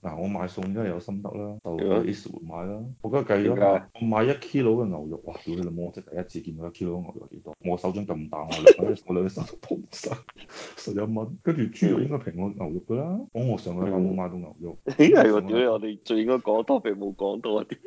嗱、啊，我買餸真係有心得啦，就 E 市買啦，我今日計咗，啊、我買一 kilo 嘅牛肉，哇，屌你老母，我即係第一次見到一 kilo 嘅牛肉幾多，我手掌咁大我兩，我兩隻手都痛晒。十一蚊，跟住豬肉應該平過牛肉噶啦，我我上個月冇買到牛肉，咦係喎，點解我哋最應該講多 o 冇講多啲。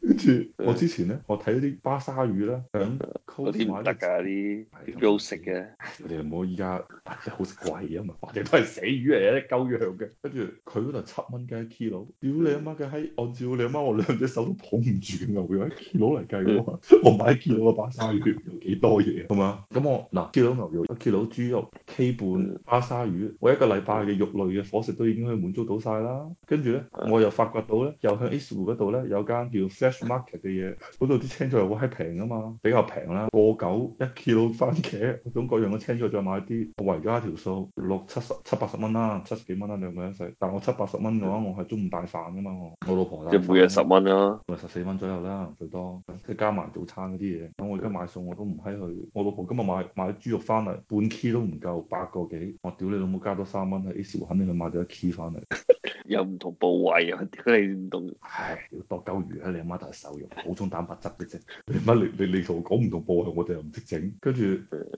跟住我之前咧，我睇啲巴沙魚咧，嗰啲買得噶啲，點好食嘅？你唔好依家，真係好食貴啊嘛，我哋都係死魚嚟，嘅，一溝樣嘅。跟住佢嗰度七蚊雞一 kilo 屌你阿媽嘅喺按照你阿媽，我兩隻手都捧唔住嘅，會用 kilo 嚟計嘅嘛？我，一、嗯、我買 kilo 巴沙魚有幾多嘢、啊？好嘛、嗯？咁我嗱 kilo 牛肉、kilo 豬肉、K 半、嗯、巴沙魚，我一個禮拜嘅肉類嘅伙食都已經可以滿足到晒啦。跟住咧，我又發掘到咧，又喺 East 湖嗰度咧有間叫。fresh market 嘅嘢，嗰度啲青菜好閪平啊嘛，比較平啦。過九一 kilo 番茄，各種各樣嘅青菜再買啲，我圍咗一條數六七十七八十蚊啦，七十幾蚊啦兩個人食。但係我七八十蚊嘅話，我係中午帶飯啊嘛我。我老婆即係每日十蚊啦，十四蚊左右啦，最多即係加埋早餐嗰啲嘢。咁我而家買餸我都唔閪去。我老婆今日買買豬肉翻嚟半 k 都唔夠八個幾。我屌你老母加多三蚊啊！呢 s 我肯定係買咗一 kilo 翻嚟。 有唔同部位啊，屌你唔懂。唉， 要剁鳩魚啊！你阿媽大係瘦肉補充蛋白質嘅啫，你乜你你你，你我講同我講唔同部位，我哋又唔識整，跟住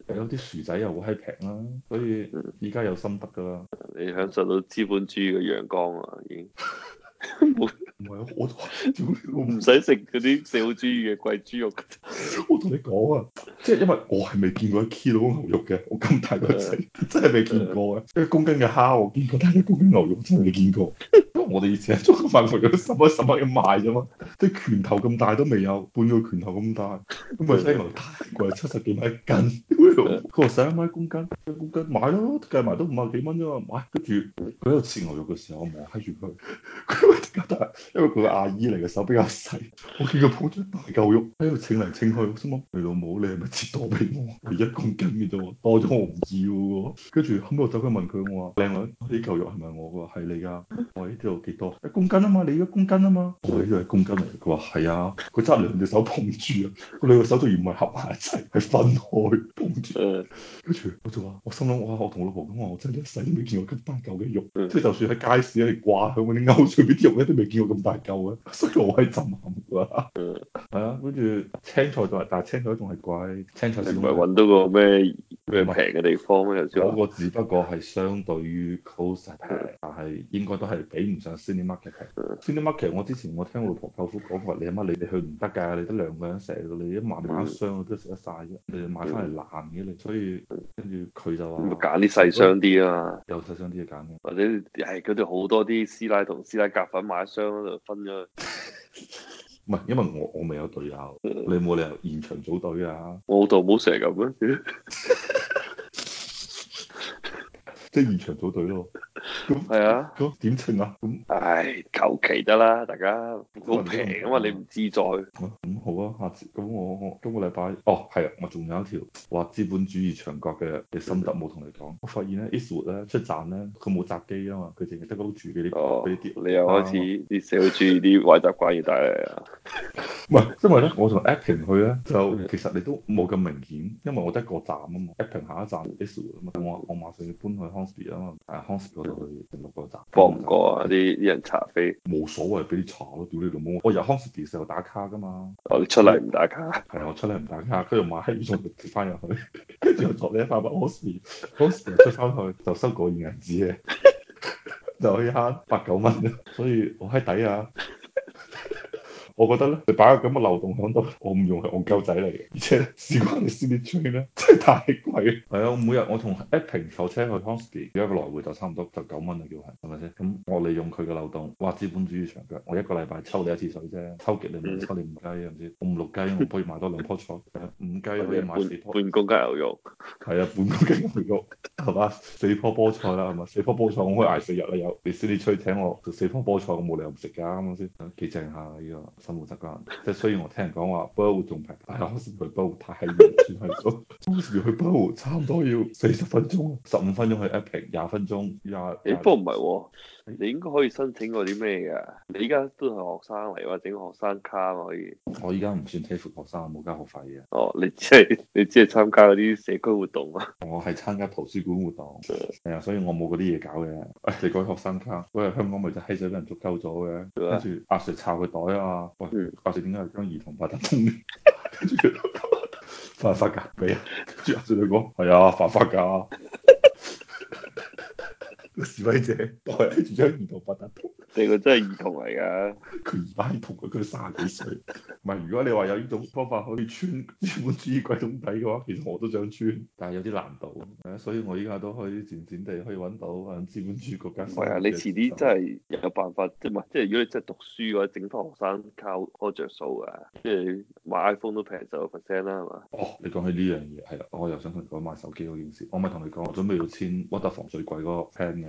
有啲薯仔又好閪平啦，所以依家有心得噶啦、嗯。你享受到資本主義嘅陽光啊，已經唔係啊，我唔使食嗰啲社會主義嘅貴豬肉。我同 你講啊，即係因為我係未見過一公斤牛肉嘅，我咁大個仔、嗯、真係未見過啊。一、嗯嗯、公斤嘅蝦我見過，但係一公斤牛肉真係未見過。 我哋以前喺中國賣唔到十蚊十蚊咁賣啫嘛，即係拳頭咁大都未有，半個拳頭咁大，咁咪聽講太貴七十幾蚊一斤。佢話使一米公斤一公斤買咯，計埋都五十幾蚊啫嘛，買。跟住佢喺度切牛肉嘅時候，我望閪住佢。佢點解得？因為佢阿姨嚟嘅手比較細，我見佢抱住大嚿肉喺度秤嚟秤去。我心諗：你老母，你係咪切多俾我？佢一公斤嘅啫喎，多咗我唔要喎。跟住後尾我走去問佢，我話靚女，呢嚿肉係咪我？佢話係你呀。我話呢度幾多？一公斤啊嘛，你一公斤啊嘛。我呢度一公斤嚟，佢話係啊。佢揸、啊、兩隻手捧住啊，佢兩個手突然唔係合埋一齊，係分開。跟住，跟住 我就話：我心諗，哇！我同老婆講話，我真係一世都未見過咁大嚿嘅肉，即係 就,就算喺街市啊，嚟掛響嗰啲勾上邊啲肉咧，都未見過咁大嚿嘅。所以我係震撼啊！嗯，係啊，跟住青菜仲係，但係青菜仲係貴。青菜先咪揾到個咩咩平嘅地方咧？嗰只 不過係相對於 close。係應該都係比唔上 Cindy Maca 鮮奶麥奇嘅。鮮奶麥奇，我之前我聽我老婆舅父講過，你乜你哋去唔得㗎，你得兩個人食，你一萬一箱都食得晒。啫。你買翻嚟爛嘅，你所以跟住佢就話，揀啲細箱啲啊有又細箱啲就揀，或者係佢哋好多啲師奶同師奶夾粉買一箱喺度分咗。唔係，因為我我未有隊友，你冇理由現場組隊啊。我老豆冇成日咁樣，即係現場組隊咯。咁係那啊，咁點稱啊？咁、嗯、那唉，求其得啦，大家好平哇啊嘛，你唔自在。咁、嗯、好啊，下次咁我，我今個禮拜哦係啊，我仲有一條話資本主義強角嘅，你心得冇同你講。我發現咧 e s t w o o d 咧出站咧，佢冇閘機啊嘛，佢淨係得嗰碌柱嗰啲，啲、哦。你，你又開始啲社主 G 啲壞習慣要帶嚟啊！ 唔係，因為咧，我同 Epping 去咧，就其實你都冇咁明顯，因為我得一個站啊嘛。Epping 下一站 East 啊嘛，我我馬上要搬去 Conspire 啊嘛，但係 Conspire 嗰度係六個站，過唔過啊？啲啲人查飛，冇所謂，俾你查咯，屌你老母！我由 Conspire 時候打卡噶嘛，我哋出嚟唔打卡。係啊，我出嚟唔打卡，跟住買完再折翻入去，跟住再坐呢一 part。我 Conspire，Conspire 出翻去就收嗰樣銀紙咧，就可以慳八九蚊，所以我喺底啊！我覺得咧，你擺個咁嘅漏洞響度，我唔用係我狗仔嚟嘅，而且試過你先跌最咧，真係太貴。係啊、嗯， 每我每日我同一平坐車去康士別，一個來回就差唔多就九蚊就叫係，係咪先？咁我利用佢嘅漏洞，挖資本主義牆腳，我一個禮拜抽你一次水啫，抽極你，你抽你五雞又唔、嗯、知，我唔六雞，我可以買多兩樖菜，五 雞可以買四樖。半半公雞牛肉，係啊，半公雞牛肉。係嘛四棵菠菜啦，係嘛四棵菠菜，我可以捱四日啦。有，你先你催請我四棵菠菜，我冇理由唔食噶。啱啱先幾正下、啊、呢、這個生活習慣。 即係雖然我聽人講話，波湖仲平，但、哎、係我先去波湖太遠，算係咗。當 時去波湖差唔多要四十分鐘，十五分鐘去 APEC，廿分鐘。廿誒，不過唔係你應該可以申請嗰啲咩嘅？你依家都係學生嚟，或整個學生卡可以。我依家唔算 T F 學生，冇交學費啊。哦，你即係你即係參加嗰啲社區活動啊？ 我係參加圖書館。保護黨係啊，所以我冇嗰啲嘢搞嘅。喂、哎，你講學生卡，喂、哎，香港咪就係想俾人捉鳩咗嘅。跟住阿 Sir 抄佢袋啊！喂、哎，阿 Sir 點解要將兒童八達通？跟住發發噶，俾、哎、啊！跟住阿 Sir 就講，係、哎、啊，發發噶。個示威者，袋，住要兒童八達通。你個真係兒童嚟㗎，全班同佢佢卅幾歲。唔係，如果你話有呢種方法可以穿資本主義鬼筒底嘅話，其實我都想穿，但係有啲難度。所以我依家都可以漸漸地可以揾到誒資本主義國家。係啊，你遲啲真係有辦法，即係即係如果你真係讀書嘅話，整批學生靠可著，著數㗎。即係買 iPhone 都平十個 percent 啦，係嘛？哦，你講起呢樣嘢係啦，我又想同你講買手機嗰件事。我咪同你講，我準備要簽屈達防水櫃嗰個 plan 嘅，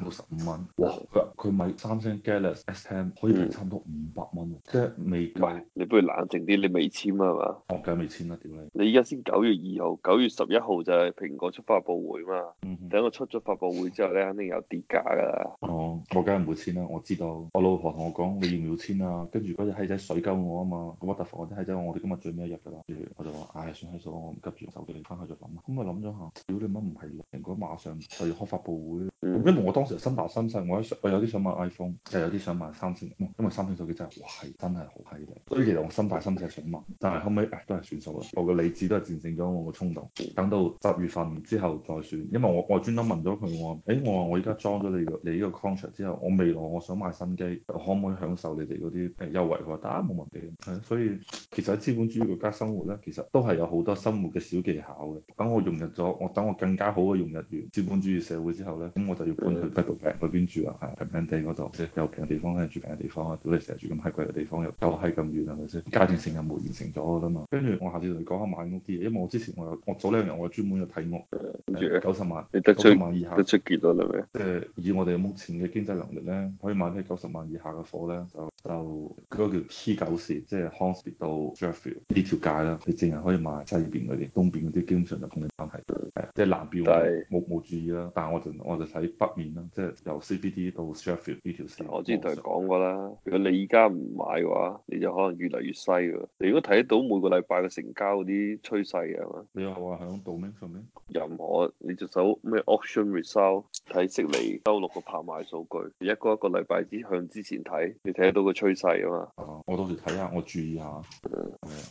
誒，五十五蚊。哇！ 哇 佢買三星 Galaxy s, S,、嗯、 可以平差唔多五百蚊，即係未。唔，你不如冷靜啲，你未簽啊嘛？我梗、哦、未簽啦，屌你！你而家先九月二號，九月十一號就係蘋果出發布會嘛。嗯、哼等我出咗發布會之後咧，肯定有跌價㗎啦。哦、嗯，我梗係唔會簽啦。我知道，我老婆同我講：你要唔要簽啊？跟住嗰日閪仔水鳩我啊嘛，咁我突我啲閪仔我哋今日最尾一日㗎啦。跟住我就話：唉、哎，算閪數，我唔急住，手機你翻去再諗。咁我諗咗下，屌你乜唔係蘋果，馬上就要開發布會。因為我當時心大心細，我我有啲想買 iPhone，就有啲想買三星。因為三星手機真係哇係，真係好犀利。所以其實我心大心細想問，但係後尾、哎、都係算數啦。我個理智都係戰勝咗我個衝動。等到十月份之後再選，因為我我專登問咗佢我誒、欸、我話我而家裝咗你你呢個 contract 之後，我未來我想買新機，可唔可以享受你哋嗰啲誒優惠？佢話得，冇問題。係，所以其實喺資本主義國家生活咧，其實都係有好多生活嘅小技巧嘅。等我融入咗，我等我更加好嘅融入完資本主義社會之後咧，咁我就要。搬去北島平嗰邊住啊，係坪頂地嗰度，即係有平嘅地方咧，住平嘅地方啊，如果你成日住咁閪貴嘅地方又又喺咁遠，係咪先階段性任務完成咗啦嘛？跟住我下次同你講下買屋啲嘢，因為我之前我有我早兩日我有專門去睇屋。九十萬，你得出幾多咩？即係以，以我哋目前嘅經濟能力咧，可以買啲九十萬以下嘅貨咧，就就嗰、那個叫 T 九線，即係 Hongkong 到 Jaffrey 呢條街啦。你淨係可以買西邊嗰啲，東邊嗰啲基本上就冇咩關係。係即係南邊冇冇注意啦。但係我就我就睇北面啦，即、就、係、是、由 CBD 到 Jaffrey 呢條線。我之前同你講過啦，如果你依家唔買嘅話，你就可能越嚟越西嘅。你如果睇得到每個禮拜嘅成交嗰啲趨勢嘅係嘛？你又話響度邊上面？任何。你隻手咩 auction result 睇悉尼週六個拍賣數據，一個一個禮拜之向之前睇，你睇得到個趨勢啊嘛。Uh, 我到時睇下，我注意下。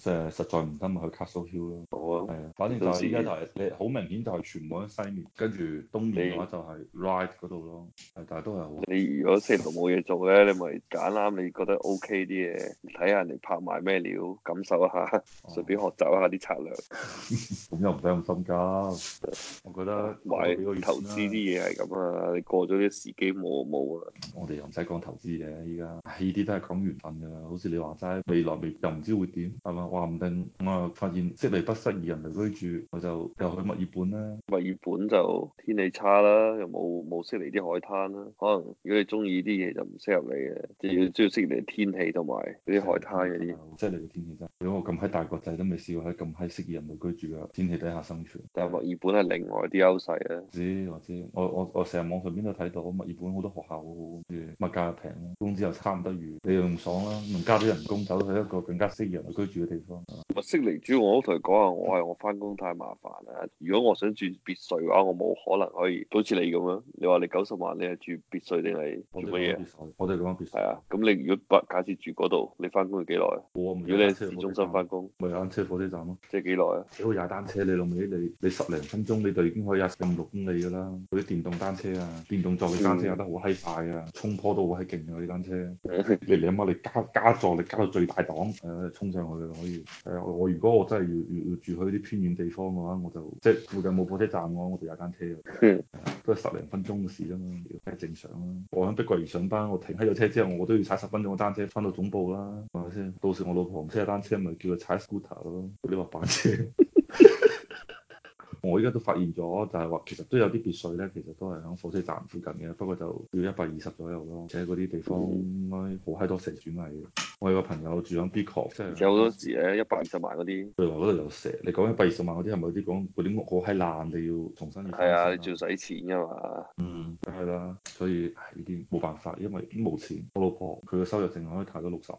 即係、uh. 實在唔得咪去 Castle Hill 咯。好啊。係啊，反正就係依家就係、是嗯、你好明顯就係全部喺西面，跟住東面嘅話就係 Right 嗰度咯。但係都係好。你如果星期六冇嘢做咧，你咪揀啱你覺得 OK 啲嘢，睇下人哋拍賣咩料，感受一下，順便學習一下啲策略。咁、uh. 又唔使咁心急。我覺得買投資啲嘢係咁啊！你過咗啲時機冇冇啊！我哋又唔使講投資嘅依家，呢啲都係講緣分㗎啦。好似你話齋，未來未又唔知會點係嘛？話唔定我又發現悉尼不適宜人類居住，我就又去墨爾本啦。墨爾本就天氣差啦，又冇冇悉尼啲海灘啦。可能如果你中意啲嘢就唔適合你嘅，即要需要適宜嘅天氣同埋嗰啲海灘嗰啲，適合你嘅天氣真係。如果我咁喺大個仔都未試過喺咁閪適宜人類居住嘅天氣底下生存。但係墨爾本係零。我啲優勢啊知，知我知，我我我成日網上邊都睇到，物業盤好多學校嘅物價平，工資又差唔多，如你又唔爽啦、啊，仲加咗人工，走去一個更加適宜人居住嘅地方。物嚟宜住，我都同佢講啊，我係我翻工太麻煩啦。如果我想住別墅嘅話，我冇可能可以，好似你咁啊。你話你九十萬，你係住別墅定係住乜嘢？我哋咁別墅，別墅，啊。咁、啊、你如果假設住嗰度，你翻工要幾耐啊？我唔要喺市中心翻工，咪有單車火車站咯。即係幾耐啊？只、啊啊、好踩單車，你老味你你十零分鐘你已經可以有四五六公里㗎啦！嗰啲電動單車啊，電動座嘅單車有得好閪快啊，衝坡都好閪勁啊！啲單車、嗯、你嚟啊嘛，你加加助力，加到最大檔，誒、呃，衝上去啊！可以。誒、呃，我如果我真係要要住去啲偏遠地方嘅話，我就即係附近冇火車站嘅、啊、話，我就有單車、啊嗯、都係十零分鐘嘅事啫嘛，都係正常啦、啊。我喺碧桂園上班，我停喺度車之後，我都要踩十分鐘嘅單車翻到總部啦，係咪先？到時我老婆唔識踩單車，咪叫佢踩 scooter 咯，嗰啲滑板車。 我而家都發現咗，就係話其實都有啲別墅咧，其實都係喺火車站附近嘅，不過就要一百二十左右咯。即係嗰啲地方應該好閪多蛇鼠嚟嘅。我有個朋友住響 B Block，好多時咧一百二十萬嗰啲，佢話嗰度有蛇。你講一百二十萬嗰啲係咪啲講嗰啲屋好閪爛，你要重新要翻新？係啊，你仲要使錢㗎嘛。嗯，係啦，所以呢啲冇辦法，因為都冇錢。我老婆佢嘅收入淨係可以攤到六十。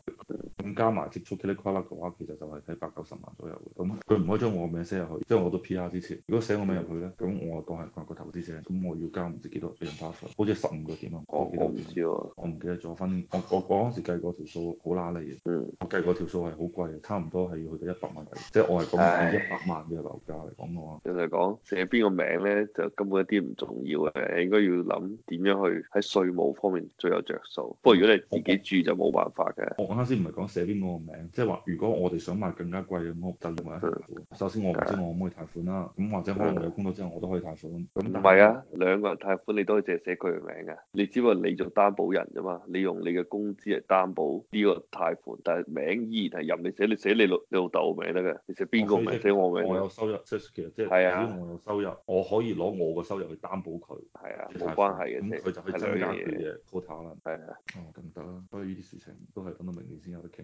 咁加埋接蓄幾多 quota 嘅話，其實就係睇百九十萬左右。咁佢唔可以將我名寫入去，即係我都 P R 之前。如果寫我名入去咧，咁我當係個投資者，咁我要交唔知幾多個人花費，好似十五個點、哦、啊！我唔知喎，我唔記得咗。反正我我我嗰陣時計過條數好喇利嘅，嗯、我計過條數係好貴，差唔多係要去到一百萬。即係我係咁講一百萬嘅樓價嚟講嘅話，其實講寫邊個名咧，就根本一啲唔重要嘅。你應該要諗點樣去喺稅務方面最有着數。不過如果你自己住就冇辦法嘅。我啱先唔係講。寫邊個名？即係話，如果我哋想買更加貴嘅屋，就另外一個。首先，我唔知我可唔可以貸款啦。咁或者可能我有工作之後，我都可以貸款。咁唔係啊，兩個人貸款你都可以借寫佢嘅名嘅。你只不過你做擔保人啫嘛，你用你嘅工資嚟擔保呢個貸款，但係名依然係任你寫你寫你老你老豆名得嘅。你寫邊個名？寫我名。我有收入，即係其實我有收入，我可以攞我嘅收入去擔保佢。係啊，冇關係嘅，佢就係增加佢嘅 quota 啦，係啊，哦，咁得啦，所以呢啲事情都係等到明年先有得傾。